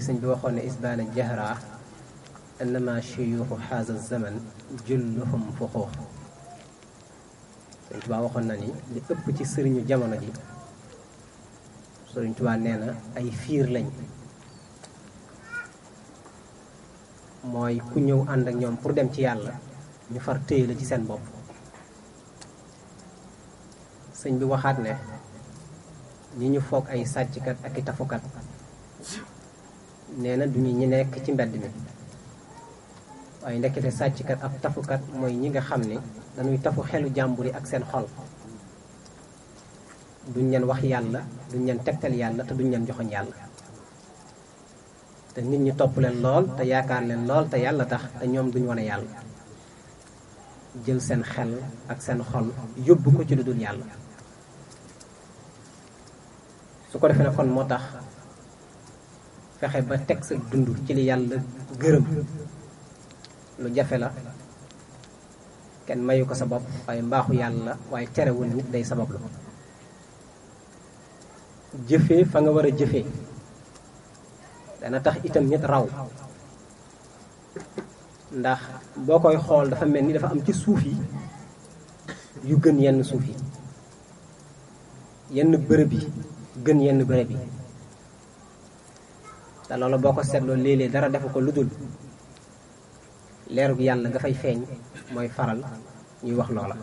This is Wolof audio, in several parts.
sëñ bi waxoon ne isbaana jahra innama shuyuuxu xaaza zaman julluhum fuxuux sëñ Tuubaa waxoon na ni li ëpp ci sëriñu jamono ji sëriñ Tuubaa nee na ay fiir lañ mooy ku ñëw ànd ak ñoom pour dem ci yàlla ñu far téye la ci seen bopp sëñ bi waxaat ne ñi ñu foog ay sàcckat ak i tafukat nee na du ñu ñi nekk ci mbedd mi waaye ndekete sàcckat ak tafukat mooy ñi nga xam ne dañuy tafu xelu jàmbur yi ak seen xol duñ neen wax yàlla duñ leen tegtal yàlla te duñ leen joxoñ yàlla te nit ñi topp leen lool te yaakaar leen lool te yàlla tax te ñoom duñ wane yàlla jël seen xel ak seen xol yóbbu ko ci lu dul yàlla su ko defee ne kon moo tax fexe ba teg sa dund ci li yàlla gërëm lu jafe la kenn mayu ko sa bopp waaye mbaaxu yàlla waaye nit day sabab la jëfee fa nga war a jëfee dana tax itam nit raw ndax boo koy xool dafa mel ni dafa am ci suuf yi yu gën yenn suuf yi yenn bërëb yi gën yenn bërëb yi te loolu boo ko seetloo léeg-léeg dara defu ko lu dul leerug yàlla nga fay feeñ mooy faral ñuy wax loola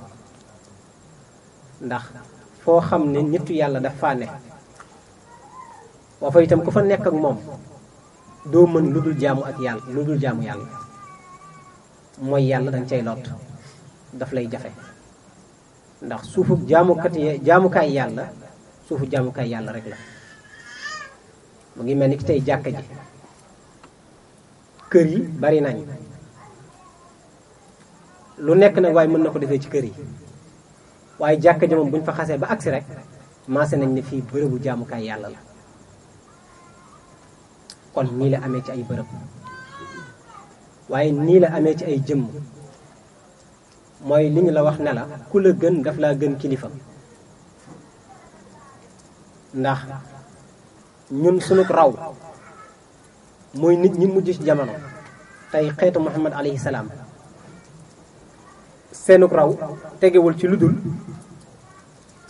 ndax foo xam ne nitu yàlla daf faa ne waa fa itam ku fa nekk ak moom doo mën lu dul jaamu ak yàlla lu dul jaamu yàlla mooy yàlla danga cay lot daf lay jafe ndax suufu jaamukat jaamukaay yàlla suufu jaamukaay yàlla rek la mu ngi mel ni ki tey jàkka ji kër yi bari nañ lu nekk nag waaye mën na ko defee ci kër yi waaye jàkka ji moom bu ñu fa xasee ba agsi rek maase nañ ne fii bërëbu jaamukaay yàlla la kon nii la amee ci ay bërëb waaye nii la amee ci ay jëmm mooy li ñu la wax nela la ku la gën daf laa gën kilifa ndax ñun sunuk raw mooy nit ñi mujj ci jamono tey xeetu muhammad alayhi salaam seenuk raw tegewul ci lu dul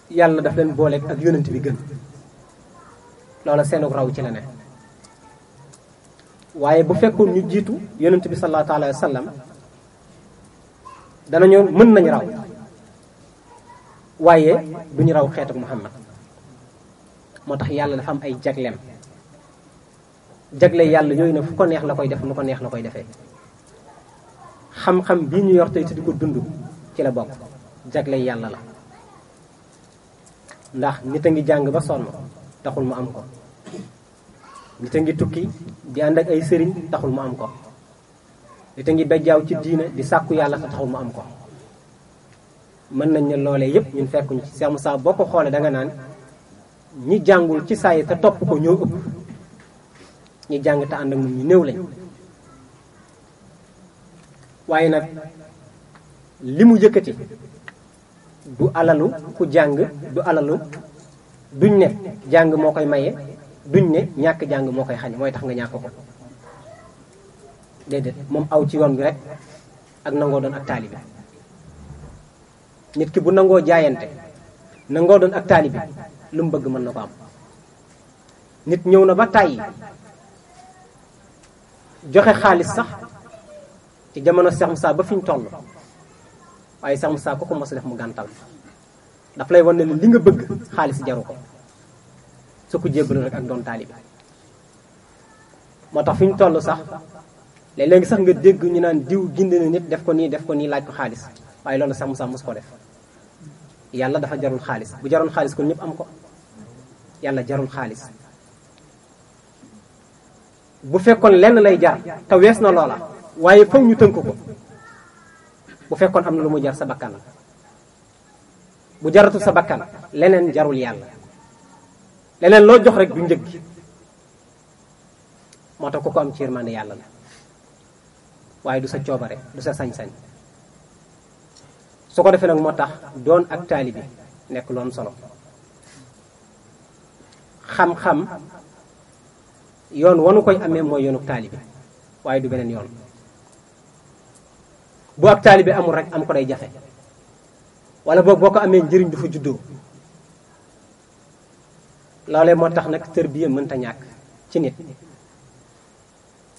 yàlla daf leen booleeg ak yonent bi gën loola seenuk raw ci la ne waaye bu fekkoon ñu jiitu yonent bi sallallahu alayhi wa sallam danañu mën nañu raw waaye duñu raw xeetu muhammad moo tax yàlla dafa am ay jagleem jagle yàlla yooyu nag fu ko neex la koy def nu ko neex la koy defee xam-xam bii ñu yor tey te di ko dund ci la bokk jagle yàlla la ndax nit a ngi jàng ba sonn taxul mu am ko nit a ngi tukki di ànd ak ay sëriñ taxul mu am ko nit a ngi bejjaaw ci diina di sàkku yàlla te taxul mu am ko mën nañ ne loolee yépp ñun fekkuñu ci Cheikh Moussa boo ko xoolee danga naan ñi jàngul ci saa yi te topp ko ñoo ëpp ñi jàng te ànd moom ñu néew lañ waaye nag li mu yëkkati du alalu ku jàng du alalu duñ ne jàng moo koy maye duñ ne ñàkk jàng moo koy xañ mooy tax nga ñàkk ko déedéet moom aw ci yoon bi rek ak nangoo doon ak taalibe nit ki bu nangoo jaayante nangoo doon ak taalibe lu mu bëgg mën na ko am nit ñëw na ba tàyyi joxe xaalis sax ci jamono Cheikh saa ba fi ñu toll waaye Cheikh Moussa ko ko mos def mu gàntal daf lay wan ne li nga bëgg xaalis jaru ko su ko jébbalu rek ak doon taalibe moo tax fi ñu toll sax léeg-léegi sax nga dégg ñu naan diw gindi na nit def ko nii def ko nii laaj ko xaalis waaye loolu Cheikh Moussa mos ko def yàlla dafa jarul xaalis bu jarul xaalis kon ñëpp am ko yàlla jarul xaalis bu fekkoon lenn lay jar te wees na loola waaye faw ñu tënk ko bu fekkoon am na lu mu jar sa bakkan la bu jaratul sa bakkan leneen jarul yàlla leneen loo jox rek du njëg gi moo tax ku ko am ci yërmande yàlla la waaye du sa coobare du sa sañ-sañ su ko defee nag moo tax doon ak taalibe nekk lu am solo xam-xam yoon wanu koy amee mooy yoonu taalibe waaye du beneen yoon bu ak taalibe amul rek am ko day jafe wala boo boo ko amee njëriñ du fa juddoo loolee moo tax nag tërbiya mënta ñàkk ci nit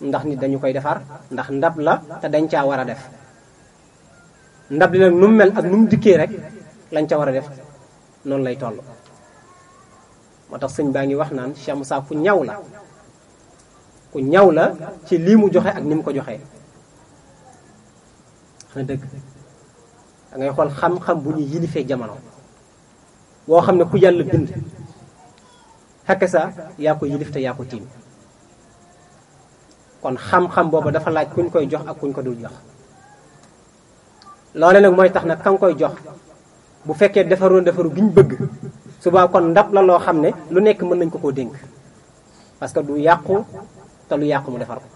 ndax nit dañu koy defar ndax ndab la te dañ caa war a def ndab li nag nu mu mel ak nu mu dikkee rek lañ ca war a def noonu lay toll moo tax sëñ baa ngi wax naan Cheikh Moussa ku ñaw la ku ñaw la ci lii mu joxe ak ni mu ko joxe wax na dëgg xool xam-xam bu ñuy yilifee jamono boo xam ne ku yàlla bind xakke sa yaa ko yilif te yaa ko tiim kon xam-xam boobu dafa laaj kuñ koy jox ak kuñ ko dul jox loole nag mooy tax nag ka koy jox bu fekkee defaroon defaru gi ñu bëgg subaa kon ndab la loo xam ne lu nekk mën nañ ko koo dénk parce que du yàqu te lu yàqu mu defar ko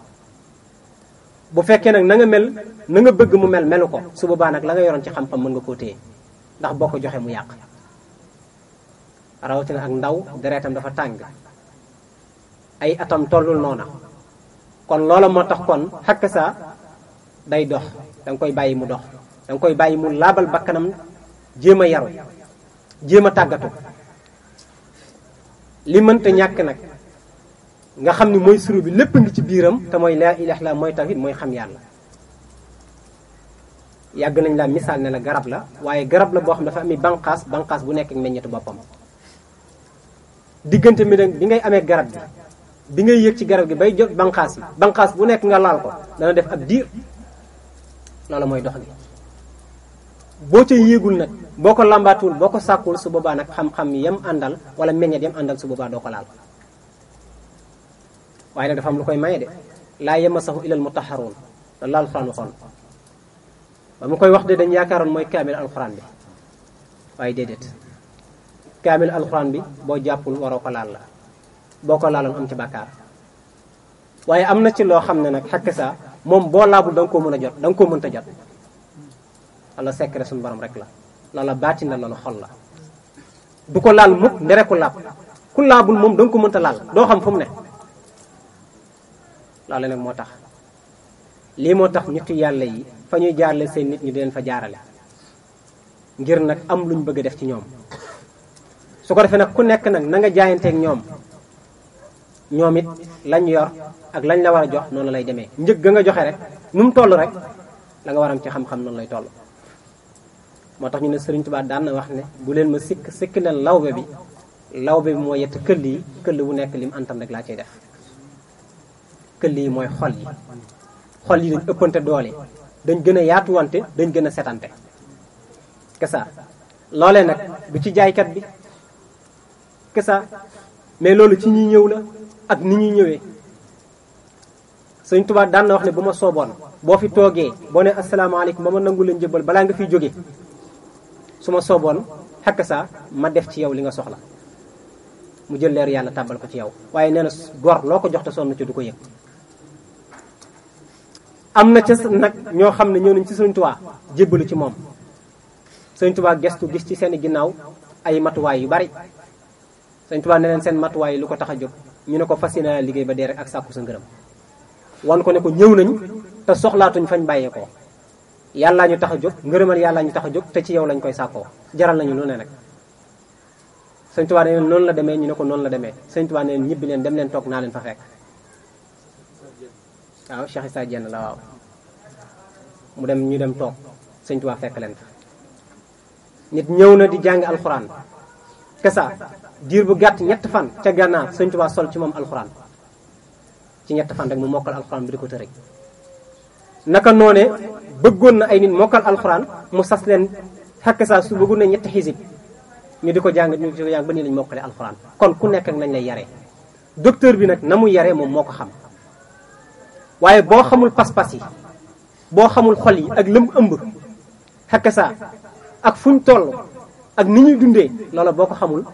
bu fekkee nag na nga mel na nga bëgg mu mel melu ko su boobaa nag la nga yoroon ci xam-xam mën nga koo téye ndax boo ko joxee mu yàq rawatina ak ndaw deretam dafa tàng ay atam tollul noona kon loola moo tax kon xakk sa day dox danga koy bàyyi mu dox danga koy bàyyi mu laabal bakkanam jéem a yaru jéem a tàggatu li mënta ñàkk nag nga xam ni mooy suru bi lépp ngi ci biiram te mooy laa ilaha illa mooy tawhid mooy xam yàlla yàgg nañ laa misaal ne la garab la waaye garab la boo xam dafa ami banqaas banqaas bu nekk ak meññetu boppam diggante mi nag bi ngay amee garab bi bi ngay yëg ci garab gi bay jot banqaas yi banqaas bu nekk nga laal ko dana def ab diir loolu mooy dox gi boo ca yéegul nag boo ko làmbaatuwul boo ko sàkkul su boobaa nag xam-xam yam àndal wala meññet yam àndal su boobaa doo ko laal waaye nag dafa am lu koy maye de laa yamasahu ilal mutahharuun loolu la ba mu koy wax de dañ yaakaaroon mooy kaamil alxuraan bi waaye déedéet kaamil alxuraan bi boo jàppul waroo ko laal la boo ko laaloon am ci bàkkaar waaye am na ci loo xam ne nag xakk saa moom boo laabul danga nga koo mën a jot danga nga koo mënta jot la secret suñu boroom rek la loola baatin la loola xol la du ko laal mukk ndere ku laab ku laabul moom danga ko mënta laal doo xam fu mu ne loolu nag moo tax lii moo tax nitu yàlla yi fa ñuy jaarle seen nit ñi di leen fa jaarale ngir nag am lu ñu bëgg a def ci ñoom su ko defee nag ku nekk nag na nga jaayanteeg ñoom ñoom it lañ yor ak lañ la war a jox noonu lay demee njëg ga nga joxe rek nu mu toll rek la nga waram ci xam-xam noonu lay toll moo tax ñu ne Sëriñ Tuubaa daan na wax ne bu leen ma sikk sikkilal lawbe bi lawbe bi moo yett këll yi këll bu nekk lim antan nag laa cay def këll yi mooy xol yi xol yi dañ ëppante doole dañ gën a yaatuwante dañ gën a setante kesa loolee nag bu ci jaaykat bi kesa mais loolu ci ñi ñëw la ak ni ñuy ñëwee Sëriñ Tuubaa daan na wax ne bu ma sooboon boo fi toogee boo ne asalaamaaleykum ma ma nangu leen jëbal balaa nga fiy jóge su ma sooboon xakk saa ma def ci yow li nga soxla mu jël leer yàlla tàbbal ko ci yow waaye nee na gor loo ko jox te sonn ci du ko yëg am na ca nag ñoo xam ne ñëw nañ ci Sëriñ Tuubaa jébbalu ci moom Sëriñ Tuubaa gestu gis ci seeni ginnaaw ay matuwaay yu bari Sëriñ Tuubaa ne leen seen matuwaay lu ko tax a jóg ñu ne ko fas yéene liggéey ba dee rek ak sàkku sa ngërëm wan ko ne ko ñëw nañ te soxlaatuñ fañ bàyyeekoo yàllaa ñu tax a jóg ngërëmal yàllaa ñu tax a jóg te ci yow lañ koy sàkkoo jaral nañu lu ne nag sëñ Tuubaa ne noonu la demee ñu ne ko noonu la demee sëñ Tuubaa ne ñibbi leen dem leen toog naa leen fa fekk waaw Cheikh Issa Dieng la waaw mu dem ñu dem toog sëñ Tuubaa fekk leen fa nit ñëw na di jàng alxuraan kesa diir bu gàtt ñett fan ca gànnaar sëñ Tuubaa sol ci moom alxuraan ci ñett fan rek mu mokkal alxuraan bi di ko tëri naka noone bëggoon na ay nit mokkal alxuraan mu sas leen xakk saa su bëggu na ñetti xisib ñu di ko jàng ñu di ko jàng ba nii lañ mokkale alxuraan kon ku nekk ak nañ lay yare docteur bi nag na mu yaree moom moo ko xam waaye boo xamul pas-pas yi boo xamul xol yi ak lëm ëmb xakk saa ak fuñ toll ak ni ñuy dundee loola boo ko xamul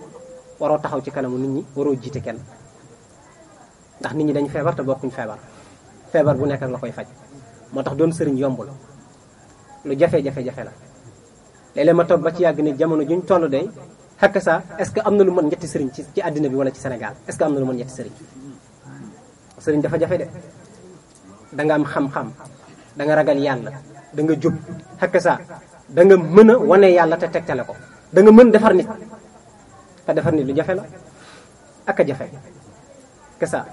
waroo taxaw ci kanamu nit ñi waroo jiite kenn ndax nit ñi dañu feebar te bokkuñ feebar feebar bu nekk ak koy faj moo tax doon sëriñ yombul lu jafe-jafe-jafe la léeg-léeg ma toog ba ci yàgg ni jamono juñ toll day xakk sa est-ce que am na lu man ñetti sëriñ ci ci bi wala ci Sénégal est-ce que am na lu mën sëriñ dafa jafe de da nga am xam-xam da nga ragal yàlla danga jub xakk sa da nga mën a wane yàlla te tegtale ko da nga mën defar nit te defar nit lu jafe la ak jafe xakk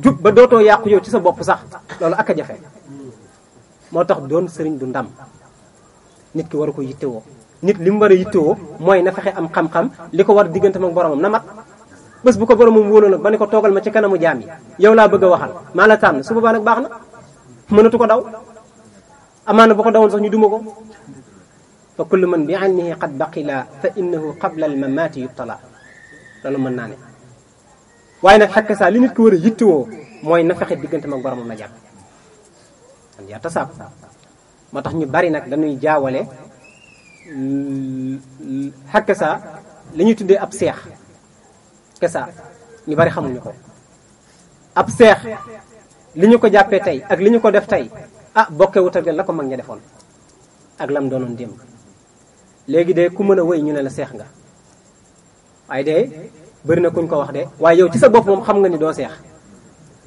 jub ba dootoo yàqu yow ci sa bopp sax loolu ak jafe motax doon serigne du ndam nit ki war ko yitté wo nit lim wara yitté wo moy na fexe am xam-xam liko war digënté mak boromam na mat bés bu ko boromam wóoloo nag ba ne ko toogal ma ci kanamu jami yow la bëgg waxal maa la tànn su baba nak baxna na mënatu ko daw amana bu ko dawon sax ñu duma ko fa kullu man bi annihi qad baqila fa innahu qabla al mamati yutla loolu mën naa ne waaye nag xakk saa li nit ko wara yitté wo moy na fexe digënté mak boromam na jàpp an yatasaab moo tax ñu bari nag dañuy jaawale xàkk mm, saa li ñuy tuddee ab seex kesa ñu bari xamuñu ko ab seex li ñu ko jàppee tey ak li ñu ko def tey ah bokkewut ak la ko mag ña defoon ak lam doonoon démb léegi de ku mën a wéy ñu ne la seex nga waaye de bëri na kuñ ko wax de waaye yow ci sa bopp moom xam nga ni doo seex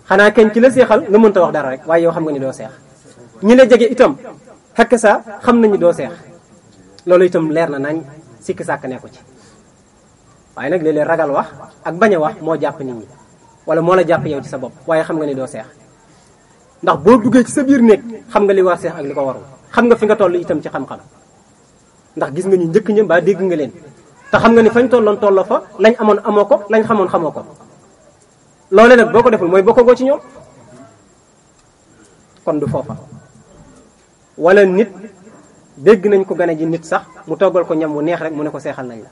xanaa kenn ci la seexal nga mënta wax dara rek waaye yow xam nga ni doo seex ñu la jege itam xakk sa xam nañu doo seex loolu itam leer na nañ sikki sàkk nekku ci waaye nag léeg ragal wax ak bañ a wax moo jàpp nit ñi wala moo la jàpp yow ci sa bopp waaye xam nga ni doo seex ndax boo duggee ci sa biir néeg xam nga li war seex ak li ko warul xam nga fi nga toll itam ci xam-xam ndax gis nga ñu njëkk ñëm mbaa dégg nga leen te xam nga ni fañ tolloon tollo fa lañ amoon amoo ko lañ xamoon xamoo ko loolee nag boo ko deful mooy ci ñoom kon du foofa wala nit dégg nañ ko gane ji nit sax mu toggal ko ñam mu neex rek mu ne ko seexal nañ la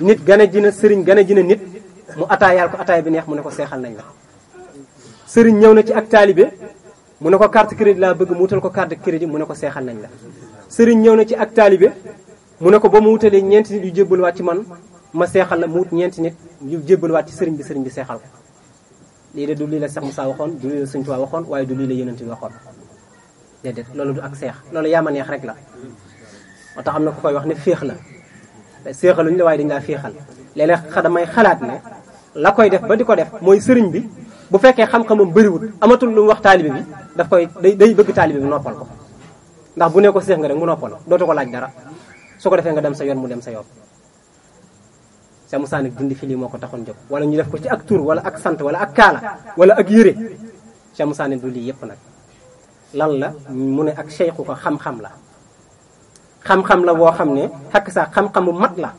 nit gane ji na sëriñ gane ji na nit mu ataayaal ko ataay bi neex mu ne ko seexal nañ la sëriñ ñëw na ci ak taalibe mu ne ko carte crédit laa bëgg mu ko carte crédit mu ne ko seexal nañ la sëriñ ñëw na ci ak taalibe mu ne ko ba mu wutalee ñeenti nit yu waat ci man ma seexal la mu wut ñeenti nit yu jébbaluwaat ci sëriñ bi sëriñ bi seexal ko lii de du lii la Seex Musaa waxoon du lii la Sëriñ Tuubaa waxoon waaye du lii la Yonent waxoon dedet loolu du ak cheikh loolu yama neex rek la motax amna am ku koy wax ne feex la séexaluñ la way dañ la feexal lele léeg xa damay xalaat ne la koy def ba diko def moy sëriñ bi bu fekke xam beuri wut amatul lu wax talib bi daf koy day bëgg bi noppal ko ndax bu ne ko cheikh nga rek mu noppal dootu ko laaj dara su ko defee nga dem sa yoon mu dem sa yoon sa musa nag dindi fi li moko ko taxoon wala ñu def ko ci ak tur wala ak sante wala ak kala wala ak yere sa musa ne du li yep nak lan la mu ne ak seyxu ko xam-xam la xam-xam la boo xam ne xakk saa xam mu mat la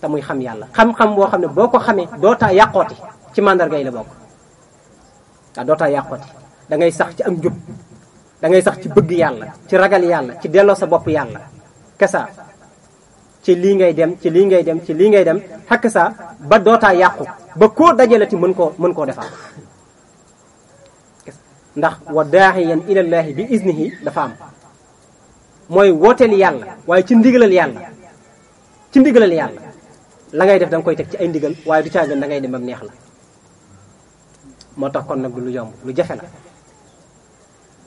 te muy xam yàlla xam-xam boo xam ne boo ko xamee dootaa yàqooti ci màndarga yi bokk waaw dootaa yàqooti da ngay sax ci ak jub dangay sax ci bëgg yàlla ci ragal yàlla ci delloo sa bopp yàlla kasa ci lii ngay dem ci lii ngay dem ci lii ngay dem xakk saa ba dootaa yàqu ba koo dajalati mën koo mën koo defar ndax wa daaxiyan ilallaahi bi iznihi dafa am mooy wooteel yàlla waaye ci ndigalal yàlla ci ndigalal yàlla la ngay def da koy teg ci ay ndigal waaye du caagan da ngay dem ba neex la moo tax kon nag du lu yomb lu jafe la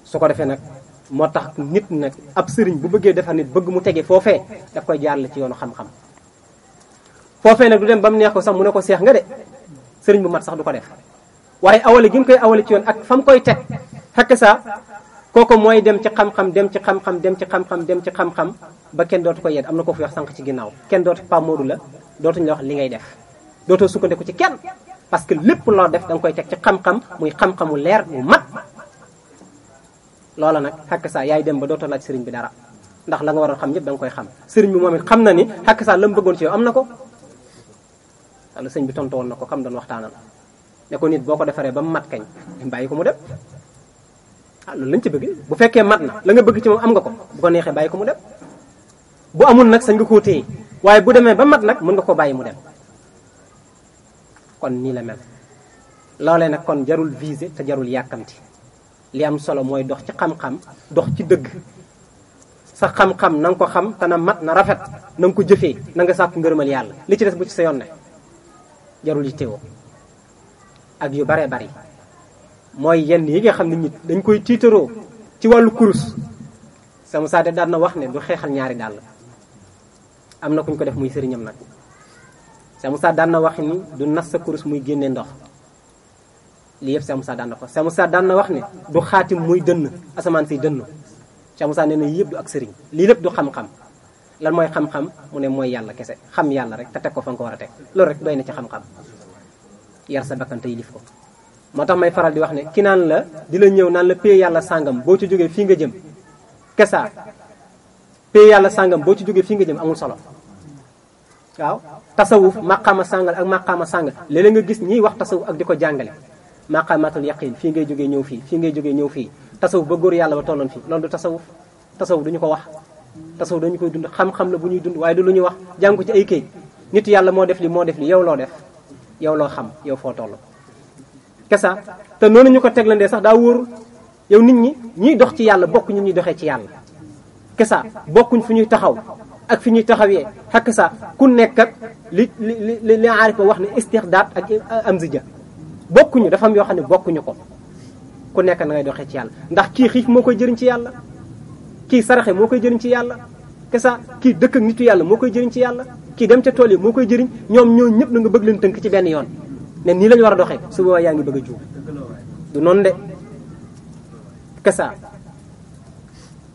su ko defee nag moo tax nit nag ab sëriñ bu bëggee defar nit bëgg mu tege foofee daf koy jaarale ci yoonu xam-xam foofee nag du dem ba mu neex ko sax mu ne ko seex nga de sëriñ bu mat sax du ko def waaye awale gi mu koy awale ci yoon ak fa koy teg xakk saa kooku mooy dem ci xam-xam dem ci xam-xam dem ci xam dem ci xam ba kenn dootu ko yedd am na ko fi wax sànq ci ginnaaw kenn dootu Pa Modou la dootuñ la wax li ngay def dootoo sukkandiku ci kenn parce que lépp loo def da koy teg ci xam-xam muy xam-xamu leer mu mat loola nag xakk saa yaay dem ba dootu laaj sëriñ bi dara ndax la nga waroon xam ñëpp da koy xam sëriñ bi moom it xam na ni xakk saa la mu bëggoon am na ko walla sëriñ bi tontu woon na ko xam doon waxtaanal ne ko nit boo ko defaree ba mu mat kañ bàyyi ko mu dem ah loolu lañ ci bëgg bu fekkee mat na la nga bëgg ci moom am nga ko bu ko neexee bàyyi ko mu dem bu amul nag sañ nga koo téye waaye bu demee ba mat nag mën nga ko bàyyi mu dem kon nii la mel loolee nag kon jarul visé te jarul yàkkamti li am solo mooy dox ci xam-xam dox ci dëgg sa xam-xam na nga ko xam te na mat na rafet na ko jëfee na nga sàkku ngërëmal yàlla li ci des bu ci sa yoon ne jarul yittewoo ak yu bare bari mooy yenn yi nga xam ne nit dañ koy tiitaroo ci wàllu kurus sama saade daan na wax ne du xeexal ñaari dàll am na kuñ ko def muy sëriñam nag sama saade daan na wax ni du nas sa kurus muy génne ndox lii yëpp sama na ko sama saade daan na wax ne du xaatim muy dënn asamaan si dënn sama saade nee na yëpp du ak sëriñ lii lépp du xam-xam lan mooy xam-xam mu ne mooy yàlla kese xam yàlla rek te teg ko fa nga ko war a teg loolu rek doy na ci xam-xam yar sa bakkan te yilif ko moo tax may faral di wax ne ki naan la di la ñëw naan la pee yàlla sàngam boo ci jógee fii nga jëm kesa pee yàlla sàngam boo ci jógee fii nga jëm amul solo waaw tasawuf maqaama sàngal ak maqaama sàngal léeg-léeg nga gis ñiy wax tasawuf ak di ko jàngale maqaamaatul yaqin fii ngay jógee ñëw fii fii ngay jógee ñëw fii tasawuf ba góor yàlla ba tolloon fii loolu du tasawuf tasawuf duñu ko wax tasawuf dañu koy dund xam-xam bu ñuy dund waaye du lu ñuy wax jàng ko ay këy nit yàlla moo def li moo def yow loo def yow loo xam yow foo toll kesa te noonu ñu ko teglandee sax daa wóorul yow nit ñi ñuy dox ci yàlla bokkuñu ñuy doxee ci yàlla kesa bokkuñ fu ñuy taxaw ak fi ñuy taxawee xakk sa ku nekk ak li li li ko wax ne istixdaat ak amzija bokkuñu dafa am yoo xam ne bokkuñu ko ku nekk na ngay doxee ci yàlla ndax kii xiif moo koy jëriñ ci yàlla kii saraxe moo koy jëriñ ci yàlla kesa kii dëkk ak nitu yàlla moo koy jëriñ ci yàlla ki dem ca tool yi moo koy jëriñ ñoom ñoo ñëpp na nga bëgg leen tënk ci benn yoon ne nii lañ war a doxee su boobaa yaa ngi bëgg a juum du noonu de kasa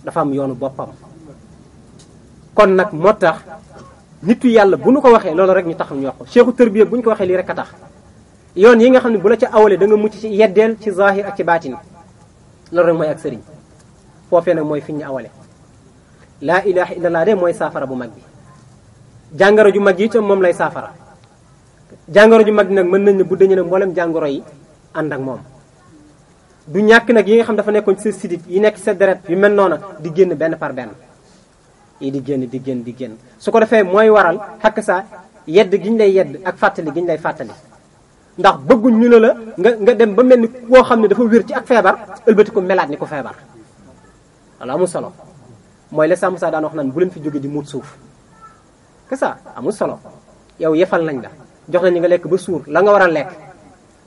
dafa am yoonu boppam kon nag moo tax nitu yàlla bu nu ko waxee loolu rek ñu taxaw ñu wax ko cheikhu tërbiya bu ñu ko waxee lii rek a tax yoon yi nga xam ne bu la ca awale da nga mucc ci yeddeel ci zahir ak ci baatin loolu rek mooy ak sëriñ foofee nag mooy fi ñu awale laa ilaha illallah de mooy saafara bu mag bi jàngaro ju mag yi itam moom lay saafara jàngoro ju mag nag mën nañ ne bu dañu ne mboolem jàngoro yi ànd ak moom du ñàkk nag yi nga xam dafa nekkoon ci sa sidit yi nekk sa deret yu mel noona di génn benn par benn yi di génn di génn di génn su ko defee mooy waral xakk sa yedd gi ñu lay yedd ak fàttali gi ñu lay fàttali ndax bëgguñ ñu ne la nga nga dem ba mel ni koo xam ne dafa wér ci ak feebar ëlbati ko melaat ni ko feebar walla amul solo mooy la sàmm saa daan wax naan bu leen fi jóge di muut suuf que amul solo yow yafal nañ la jox nañu nga lekk ba suur la nga war a lekk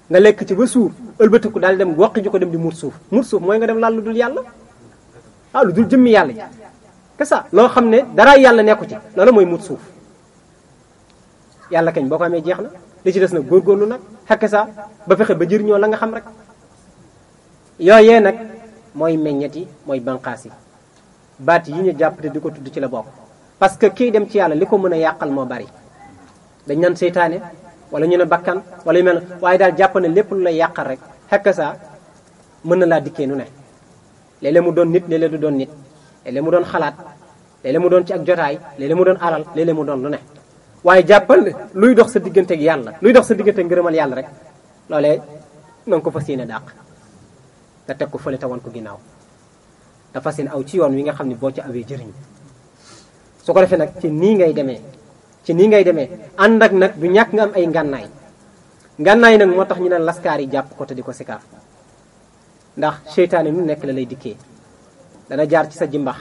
nga lekk ci ba suur ëlbatiku daal dem wokk ji ko dem di muur suuf muur suuf mooy nga dem laal lu dul yàlla ah lu dul jëmmi yàlla ji que loo xam ne dara yàlla nekku ci loolu mooy muur suuf yàlla kañ boo ko amee jeex na li ci des na góor góorlu nag xekk sa ba fexe ba jëriñoo la nga xam rek yooyee nag mooy meññet yi mooy banqaas yi baat yi ñu jàpp te di ko tudd ci la bokk parce que kii dem ci yàlla li ko mën a yàqal moo bari dañ naan seytaane wala ñu ne bakkan wala yu mel waaye daal jàpp na lépp lu lay yàqal rek xekk saa mën na laa dikkee nu ne léeg mu doon nit léeg-léeg du doon nit léeg mu doon xalaat léeg mu doon ci ak jotaay léeg mu doon alal léeg mu doon lu ne waaye jàppal ne luy dox sa diggante ak yàlla luy dox sa diggante ngërëmal yàlla rek loole na ko fa yéene dàq te teg ko fa te wan ko ginnaaw te fas aw ci yoon wi nga xam ne boo ci awee jëriñ so ko defee nag ci nii ngay demee ci nii ngay demee ànd ak nag du ñàkk nga am ay ngànnaay ngànnaay nag moo tax ñu naan laskaar yi jàpp ko te di ko sikaar ndax seytaane mu nekk la lay dikkee dana jaar ci sa jimbax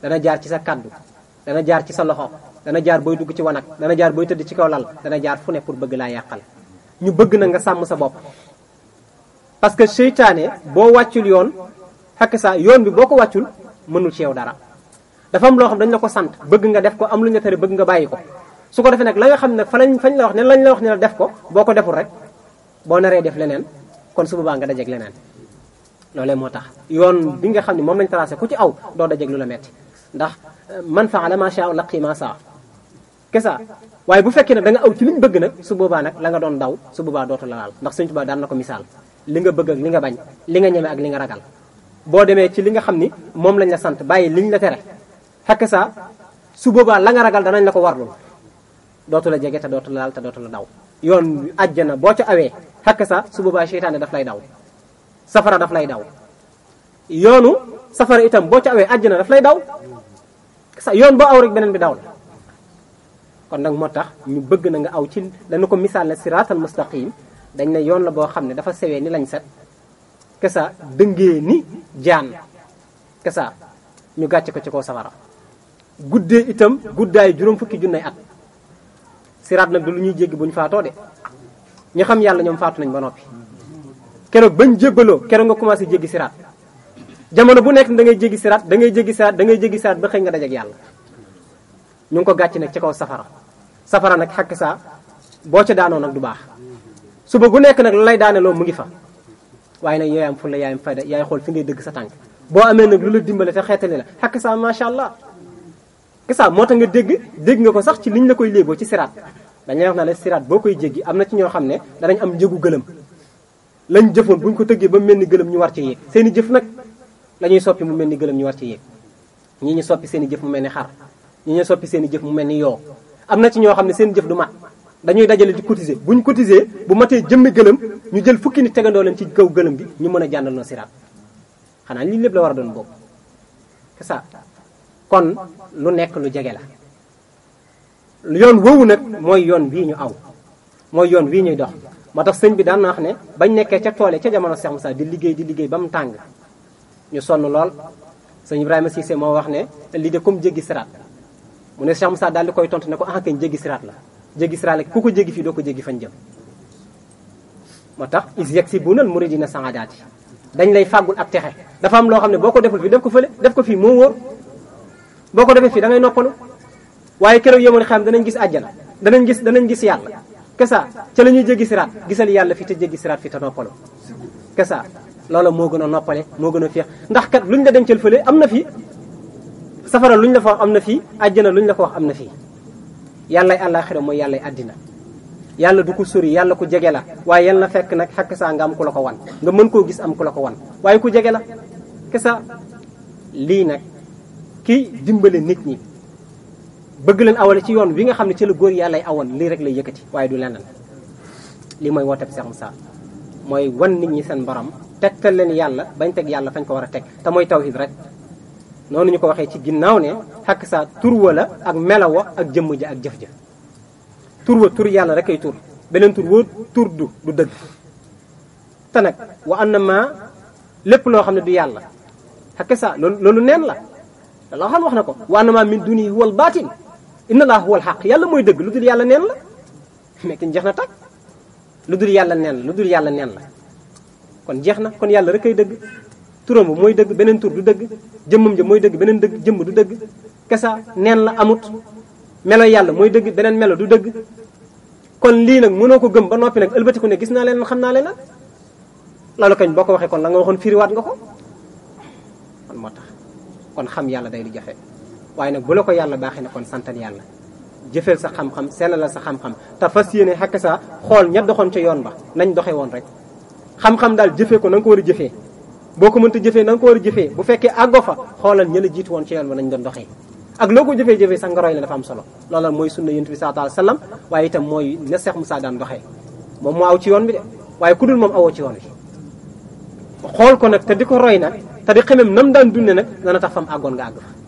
dana jaar ci sa kàddu dana jaar ci sa loxo dana jaar boy dugg ci wanag dana jaar boy tëdd ci kaw lal dana jaar fu ne pour bëgg laa yàqal ñu bëgg na nga sàmm sa bopp parce que seytaane boo wàccul yoon fekk sa yoon bi boo ko wàccul mënul ci yow dara dafa am loo dañ la ko sant bëgg nga def ko am lu ñu tere bëgg nga bàyyi ko su ko defee nag la nga xam nag fa lañ fañ la wax ne lañ la wax ne la def ko boo ko deful rek boo naree def leneen kon su boobaa nga dajeeg leneen loolee moo tax yoon bi nga xam ne moom lañ tracé ku ci aw doo dajeeg lu la metti ndax euh, man faala ma shaa laqi ma saa kesa waaye bu fekkee ne da aw ci liñ bëgg nag su boobaa nag la nga doon daw su boobaa dootu la laal ndax Sëñ Tuubaa daan na ko misaal li nga bëgg ak li nga bañ li nga ñeme ak li nga ragal boo demee ci li nga xam ni moom lañ la sant bàyyi liñ la tere fekk saa su boobaa la ragal danañ la ko warlul dootu la jege te dootu la laal te dootu la daw yoon àjjana boo ca awee fekk saa su boobaa seytaane daf lay daw safara daf lay daw yoonu safara itam boo ca awee àjjana daf lay daw sa yoon boo aw rek beneen bi daw la kon nag moo tax ñu bëgg na nga aw ci dañu ko misaal la siraatal mustaqim dañ ne yoon la boo xam ne dafa sewee ni lañ set kesa dëngee ni jaan kesa ñu gàcce ko ci kaw safara guddee itam guddaay juróom fukki junnay at siraat nag du lu ñuy jéggi bu ñu faatoo de ñu xam yàlla ñoom faatu nañ ba noppi keroog bañ jébbaloo keroog nga commencé jéggi siraat jamono bu nekk da ngay jéggi siraat da ngay jéggi siraat da ngay jéggi siraat ba xëy nga dajeek yàlla ñu ngi ko gàcc nag ci kaw safara safara nag xakk saa boo ci daanoo nag du baax suba gu nekk nag lu lay daane mu ngi fa waaye nag yaay am fulla yaay am yaay xool fi ngay dëgg sa tànk boo amee nag lu la dimbale te xeetali la xakk macha allah xisaab moo tax nga dégg dégg nga ko sax ci li ñu la koy léeboo ci siraat dañ lay wax naa la siraat boo koy jéggi am na ci ñoo xam ne danañ am njëgu gëlëm lañ jëfoon ñu ko tëggee ba mu mel ni gëlëm ñu war ci seen i jëf nag la ñuy soppi mu mel ni gëlëm ñu war ci yéeg ñii ñu soppi seen i jëf mu mel ni xar ñii ñu soppi seen i jëf mu mel ni yoo am na ci ñoo xam ne seen jëf du dañuy dajale di cotiser buñ cotiser bu matee jëmmi gëlëm ñu jël fukki nit tegandoo leen ci kaw gëlëm bi ñu mën a jàndal noo siraat xanaa lii lépp la war a doon boobu kon lu nekk lu jege la yoon woowu nag mooy yoon wii ñu aw mooy yoon wii ñuy dox moo tax sëñ bi daan na wax ne bañ nekkee ca toole ca jamono Cheikh Moussa di liggéey di liggéey ba mu tàng ñu sonn lool sëñ Ibrahima Cissé moo wax ne lii de comme jéggi siraat mu ne Cheikh Moussa daal di koy tontu ne ko ah kañ seraat la jéggi siraat la ku ko jéggi fii doo ko jéggi fan jëm moo tax is yegg si bu nal muridina saadaati dañ lay fàggul ak texe dafa am loo xam ne boo ko deful fii def ko fële def ko fii moo boo ko defee fii da ngay noppalu waaye keroog yémal xam danañ gis àjjana danañ gis danañ gis yàlla kesa ca la ñuy jéggi siraat gisal yàlla fii te jéggi siraat fi te noppalu kesa loola moo gën a noppale moo gën a féex ndax kat luñ la dencal fële am na fii safara luñ la fa wax am na fii àjjana luñ la ko wax am na fii yàllay àllaaxira mooy yàllay àddina yàlla du ko sori yàlla ku jege la waaye yàlla na fekk nag xakk saa nga am ku la ko wan nga mën koo gis am ku la ko wan waaye ku jege la kesa lii kiy dimbale nit ñi bëgg leen awale ci yoon wi nga xam ne ci la góor yàlla lay awoon lii rek lay yëkkati waaye du leneen lii mooy woote bi Seex Musaa mooy wan nit ñi seen borom tegtal leen yàlla bañ teg yàlla fañ ko war a teg te mooy tawhid rek noonu ñu ko waxee ci ginnaaw ne xakk saa tur wa la ak melawa ak jëmm ja ak jëf ja tur tur yàlla rek ay tur beneen tur woo tur du du dëgg te nag na annama lépp loo xam ne du yàlla xakk loolu loolu الله حال واخنا كو وانما من دوني هو الباطن ان الله هو الحق يالا موي دغ لودول يالا نين لا مي كن جخنا تاك لودول يالا نين لودول يالا نين لا كون جخنا كون يالا ركاي دغ تورم موي دغ بنين تور دو دغ جيمم جي موي دغ بنين دغ جيم دو دغ كسا نين لا اموت ملو يالا موي دغ بنين ملو دو دغ كون لي نك مونو گم با نوبي نك البتي كو نك گيسنا لين خمنا لين لا لا كاج بوكو واخي كون لا nga waxon firi wat nga ko man motax kon xam yàlla day li jafe waaye nag bu la ko yàlla baaxee ne kon santal yàlla jëfeel sa xam-xam sellal sa xam-xam te fas yéene xakk sa xool ña doxoon ca yoon ba nañ doxe woon rek xam-xam daal jëfee ko na nga ko war a jëfee boo ko mënta jëfee na nga ko war a jëfee bu fekkee àggoo fa xoolal ña la jiitu woon ca yoon ba nañ doon doxee ak loo ko jëfee jëfee sax nga la dafa am solo loolal mooy sunna yonent bi sallallahu alayhi wasallam waaye itam mooy ne Seex Musaa daan doxee moom moo aw ci yoon bi de waaye ku dul moom awoo ci yoon bi xool ko nag te di ko roy nag te di xemem nam daan dunde nag dana tax fam àggoon nga àgg fa